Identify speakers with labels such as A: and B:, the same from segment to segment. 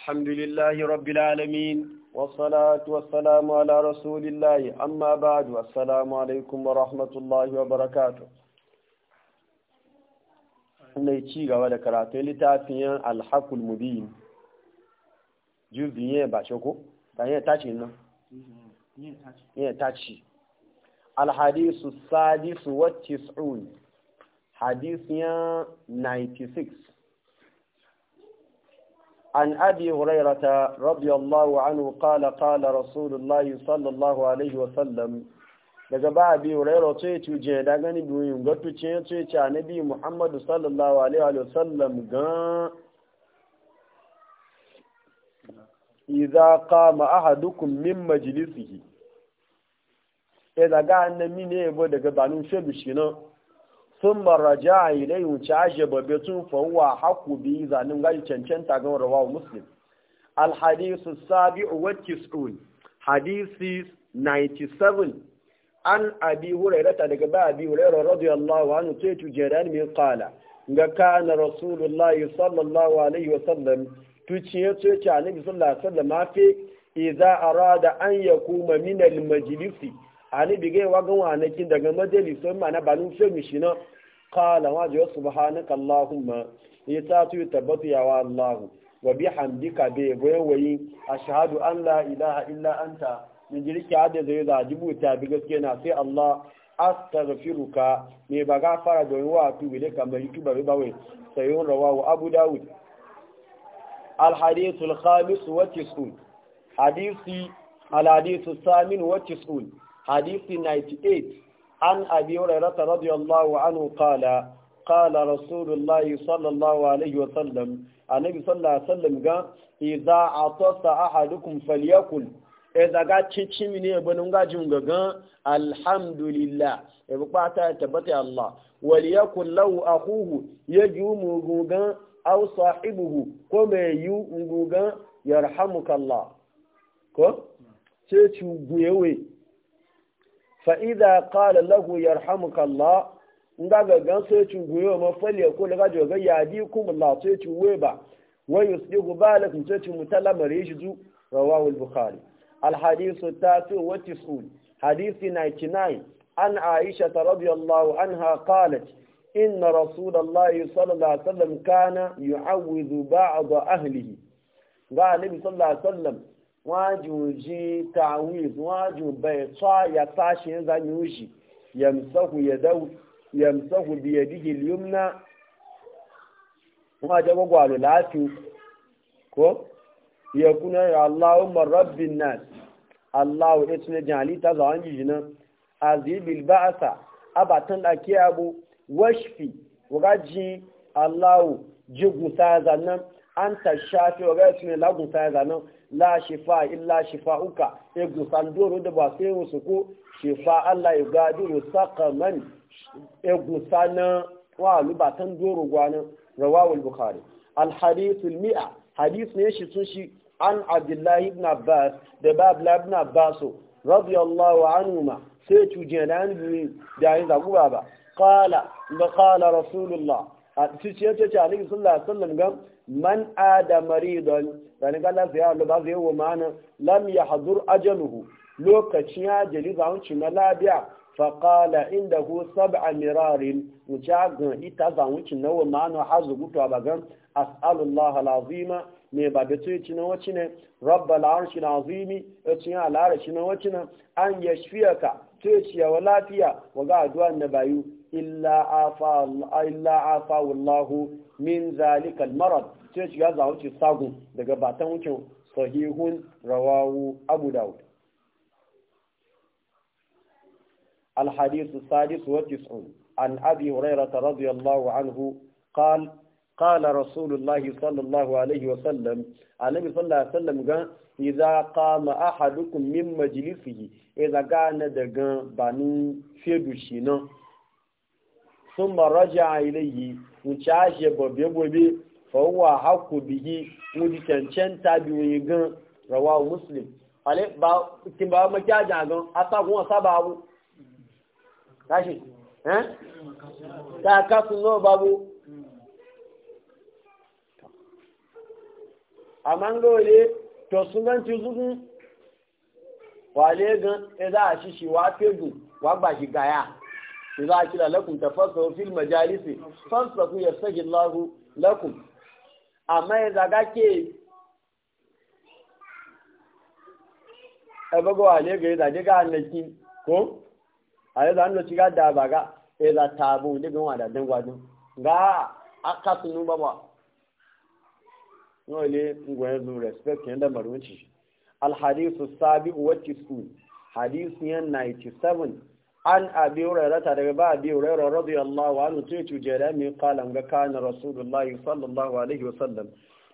A: الحمد لله رب العالمين والصلاة والسلام على رسول الله أما بعد والسلام عليكم ورحمة الله وبركاته ci gaba da karatun littafin alhakul mubin yin ba shi ta yin taci nan yin taci alhadisu sadisu wa tis'un hadisiyan 96 عن أبي هريرة رضي الله عنه قال قال رسول الله صلى الله عليه وسلم daga ba abi hurairah ce tuje da gani biyun ga tuce ce ce annabi Muhammad, sallallahu alaihi wa sallam ga idza qama ahadukum min majlisihi daga annabi ne daga banu shebu sun maraja a ilai wuce ashe babbe tun fawwa haku biyu zanen gaji cancanta ga rawa muslim alhadisu sabi uwa tis'un hadisi 97 an abi hurairata daga ba abi hurairar radiyallahu hannu sai tujeran mai kala ga kana rasulullahi sallallahu alaihi wasallam tuciye tuce annabi sallallahu alaihi wasallam ma fi idza arada an ya min al majalisi. ani bige wa gan wanakin daga so ma na balun so mi shina qala wa jo subhanaka allahumma ya ta tu tabbatu ya wa allah wa bi hamdika be wayi ashhadu an la ilaha illa anta min jirki hada zai da ta bi gaske na sai allah astaghfiruka me ba fara don wa tu bile kamar youtuber ba wai sayyun rawahu abu daud الحديث الخامس والتسعون حديث الحديث الثامن والتسعون حديث 98 عن أبي هريرة رضي الله عنه قال قال رسول الله صلى الله عليه وسلم النبي صلى الله عليه وسلم قال إذا عطس أحدكم فليأكل إذا قد تشمي نيبن قال الحمد لله يبقى تبتي الله وليكن لو أخوه يجوم قال أو صاحبه كما يو قال يرحمك الله كم تشوف fa'ida ƙala lahu yarhamuka Allah nga ga gan sai ci guyo ma falle ko daga jo ga yadi kum Allah sai ci we ba wa yusdihu balak sai ci mutalama reji zu rawahu al-bukhari al-hadithu at-tasi wa tisun hadithi 99 an aisha radhiyallahu anha qalat inna rasulallahi sallallahu alaihi wasallam kana yu'awwidhu ba'd ahlihi ga annabi sallallahu alaihi wasallam wọ́n jù jí tawil wọ́n jù bẹ̀ẹ̀ tọ́ ya sáṣe ń zanyi oṣì yamsahu bí yẹ díje liyum na wọ́n jẹ́ gbogbo àlò láti ko yẹ kúnná aláwọ̀ marabin náà aláwọ̀ ètò ní jàǹlì ta jìjì náà azibil ba'asa abatan da ke abu washfi wagajin aláwọ̀ jigun ta zannan أنت الشافي وغيرتني لا قلت هذا نو لا شفاء إلا شفاءك يقول صندور ودبا سيو سكو شفاء الله يقادر ساق من يقول صانا وعلو باتن دور وغانا رواه البخاري الحديث المئة حديث نيشي سنشي عن عبد الله بن عباس دباب لابن عباس رضي الله عنهما سيتو جنان بي داعي ذاقو بابا قال قال رسول الله a cikin ce a cikin sallah sallan gam man ada maridon dan ga la ziya lo ba zai wo mana lam ya yahdur ajaluhu lokacin ya jeli ba wuce na labiya fa qala indahu sab'a mirarin mujaga ita ba wuce na wo mana hazu gutu abagan as'alullah alazima ne ba da tuyi cinan wacce ne rabbal arshi alazimi yacin ala arshi na wacce an yashfiyaka tuyi ciya wa lafiya wa ga addu'a na bayu illa afa wallahu min zalikal marad sai shiga zahunci sagun daga batan wucin sahihun rawawu abu daud alhadisu sadisu wa tis'un an abi hurairata radiyallahu anhu qal قال sallallahu alaihi صلى الله عليه وسلم النبي صلى gan عليه وسلم a اذا min احدكم من مجلسه اذا كان دغان بني فيدوشينا sun maraja a ilayi wuce ashe babbe-babbe fawwa haku bihi wudi cancanta biyoyi gan rawa muslim ale ba kin ba maki ajan gan asa kun asa ba abu tashi eh ta ka sun no babu amangole to sun gan ti wale gan e za a shishi wa fedu wa gbaji gaya za a kila lakun ta fasa majalisi fasa ku ya sagi lahu lakun amma ya ke a bago a ne gari zaje ga annaki ko a yi zanen shiga da ba ga ya za ta abu ne ga wa da dangwajin a kasu nuba ba nawa ne ngwanyar zuwa respect yadda marunci alhadisu sabi wacce su hadisu yan 97 an abi hurairata daga ba abi hurairata radiyallahu anhu ce tu jere mi qala ga kana rasulullahi sallallahu alaihi sallam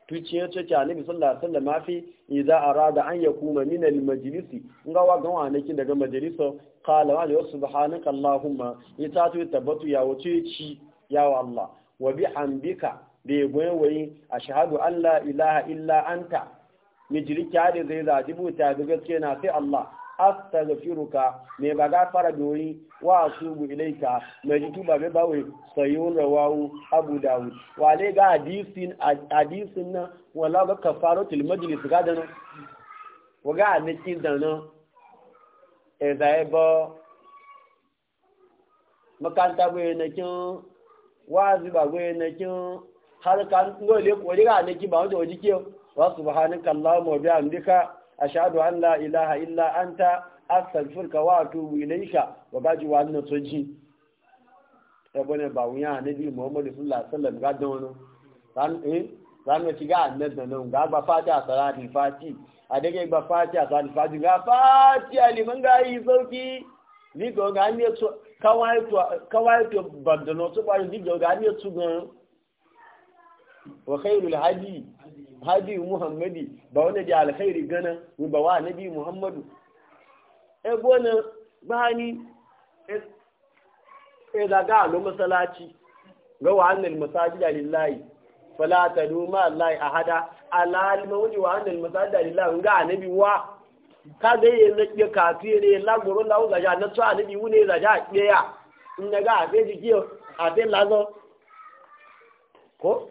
A: tu ce ce ta annabi sallallahu alaihi wasallam afi idza arada an yakuma min al majlisi nga wa ga wani daga majaliso qala wa subhanaka allahumma ita tu tabatu ya wuce ci ya wa allah wa bihamdika bai gwayewayi ashhadu an la ilaha illa anta mijirki hadi zai zaji buta da gaske na sai allah astaghfiruka me ba fara doyi wa su asubu ilaika me jitu ba me bawe sayyun rawahu abu dawud wa le ga hadisin hadisin na wala ga kafaratul majlis ga dana wa ga ne kin dana e da e bo makanta bo e ne kin wazi ba bo e ne kin har kan ngole ko ga ne ki ba wato jike wa subhanaka allahumma wa bihamdika ashadu an la ilaha illa anta astaghfiruka wa atubu ilayka wa gaji wa annan soji ebone ba wuya nabi muhammadu sallallahu alaihi wasallam ga dono ran eh ran ci ga annabi nan ga ba fatiha salati fati a dage ba fatiha salati fati ga fatiha liman ga yi sauki ni go ga ne to kawai to kawai to bandano to ba ni go ga ne to gan wa khairul hadi hadi muhammadi ba wani da alkhairi gana mu ba wa nabi muhammadu e bona bani e da e ga lo masallaci ga wa annal masajida lillahi fala tadu ma allahi ahada alal mawji wa annal masajida lillahi ga nabi wa ka ga ye na ke kafi ne la goro la ga ja na tsa nabi wune la ja ya in ga a abe jikiyo abe lazo ko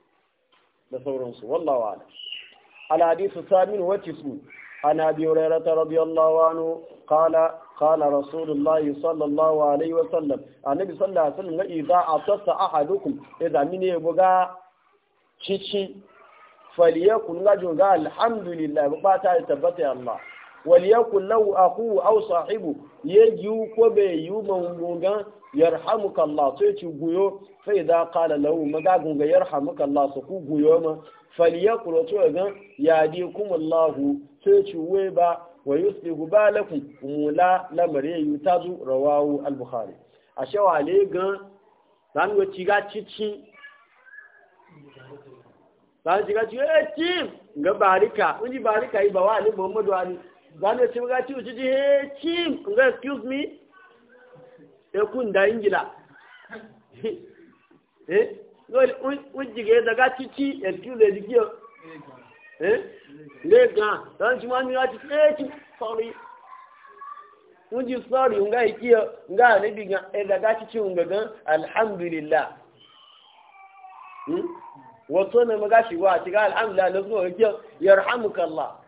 A: da sauransu wallahu ala al hadithu samin wa tisu an abi hurairah radiyallahu anhu qala qala rasulullah sallallahu alaihi wa sallam annabi sallallahu alaihi wa sallam idza atasa ahadukum idza mini buga cici falyakun gajun ga alhamdulillah ba ta tabbata ya allah waliyakun lahu aku aw sahibu ye jiu ko be yu mangungan yarhamuka Allah sai ci guyo fa idza qala lahu magagun ga yarhamuka Allah su ku guyo ma falyakul to ga yadikum Allah sai ci we ba wa yuslihu balakum mula lamare yutazu rawahu al-bukhari a shawale ga ran go ci ga cici ran ci ga ci eh tim nga barika unji barika yi ba wa ali muhammadu ali zanu ci ga ci ci he ci ga excuse me e kun da ingila eh ngol ujige da ga ci ci excuse me giyo eh le ga dan ci man mi ga ci e eh, ci sorry unji sorry nga ikiyo nga ne bi ga e da ga ci ci nga ga alhamdulillah hmm? wato ne magashi wa ci ga alhamdulillah lazo ya yarhamukallah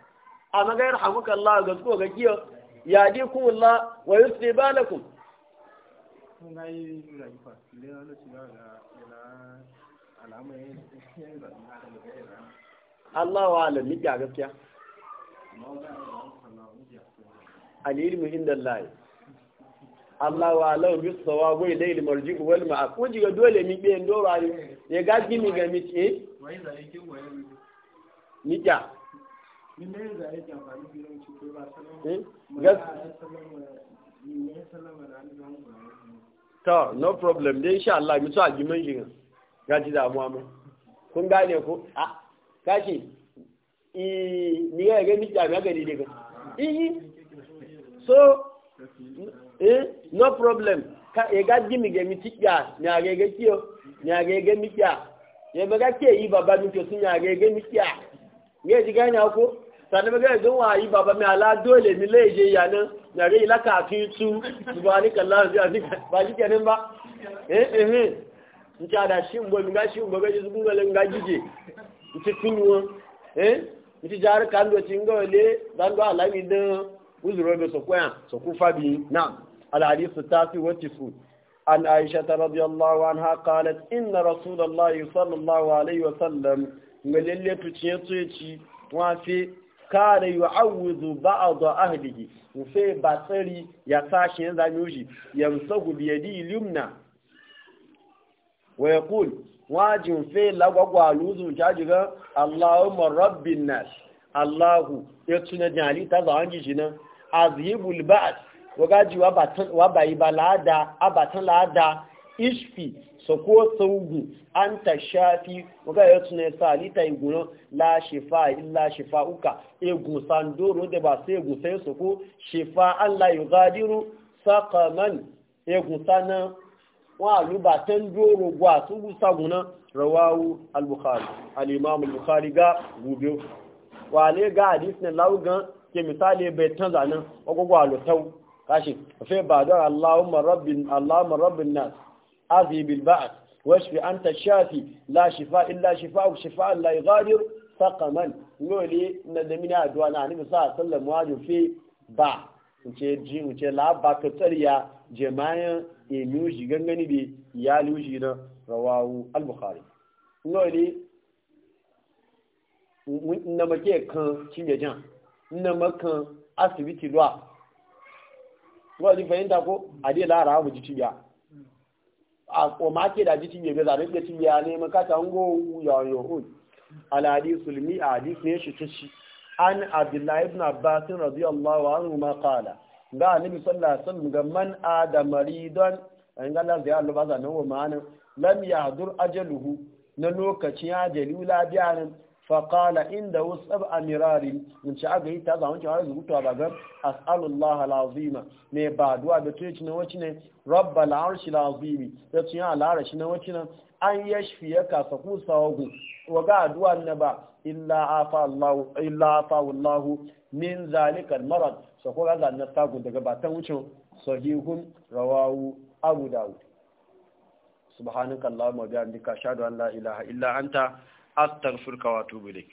A: a magayar hamukan Allah ga suko ga giyo ya di kun Allah wa yusri balakum Allah wa alam ni ga gaskiya al-ilmu da Allah Allah wa alam bi sawabu ila il marji wal ma'qud ga dole mi be ne. ya ga gimi ga mi ce eh? ni ga ta eh, no problem dai insha Allah mutu a gimin shi gaji damuwa mu kun gane ko a kashi i ni ga ga miki amma gani daga eh so eh no problem ka e ga gimi ga miki ya ni ga ga kiyo ni ga ga ye ba ga ke yi baba miki sun ga ga ne ji gane ko sani bɛ gɛrɛ gan waa yi baba mi ala dole mi lɛ je yanni na ila k'a fi tu subahani kala fi a fi baasi kɛ ba ee n ti a da si n bɔ mi n ka si n bɔ bɛ jesu n wale n ka jije n ti fi nuwɔ ee n ti jaari kan dɔ ti n le ala mi dɛn o zoro bɛ yan fa bi na alhadi sitaasi wa ti fu. عن عائشة رضي الله عنها قالت إن رسول الله صلى الله عليه وسلم وفي a zo ba'd ahlihi ufe batsari ya sashi yan zanyoji yamsahu bi yadi lumna wa yaqul wajin fe lagwagwa luzu jajiga allahumma rabbin nas allahu ya tuna jali ta za hanji jinan azhibul ba'd wagaji wa batan wa bayi abatan lada ishfi so ko saugu an ta shafi waga ya tunai salita iguno la shifa illa shifa uka egun sandoro da ba sai egun sai su ko shifa Allah ya gadiru sakaman egun sana wa lubatan doro gwa su gusa guna rawawu al-bukhari al-imam al-bukhari ga gobe wa ne ga hadis ne laugan ke misali bai tanzanin ogogwa lutau kashi fa ba da Allahumma rabbin Allahumma rabbin nas أذي بالبعث واشفي أنت الشافي لا شفاء إلا شفاء شفاء لا يغادر سقما نقولي ندمنا أدوانا عن صلى الله عليه وسلم واجه في باع nce ji nce laba ka tsariya jama'in eluji gangani bi ya luji na rawawu al-bukhari nole na make kan cinye jan na makan asibiti ruwa wadda fahimta ko a dai ji cibiya A koma ke da jiti bebe zaɓe ke ci ya neman kata hango ya hud alhadi sulmi a hadis ne shi ta shi an abdullahi ibn abbas radiyallahu anhu ma qala da. annabi sallallahu alaihi wasallam ga man adama ridan an ga Allah ya Allah ba nan wa ma'ana lam yahdur ajaluhu na lokacin ajali bi'an faƙala inda wasu a mirarin in ci aga yi ta zama cewa da zubuta ba ga as'alullah al'azima ne ba duwa da tuyi na wacce ne rabba la'arshi al'azimi da tun yi al'arashi na wacce nan an ya shafiye ka saku sawagu wa ga aduwa na ba illa afa wallahu min zalikal marad sako ga zanen sagun daga batan wucin sahihun rawawu abu dawud subhanakallahumma wa bihamdika ashhadu an la ilaha illa anta astaghfiruka wa atubu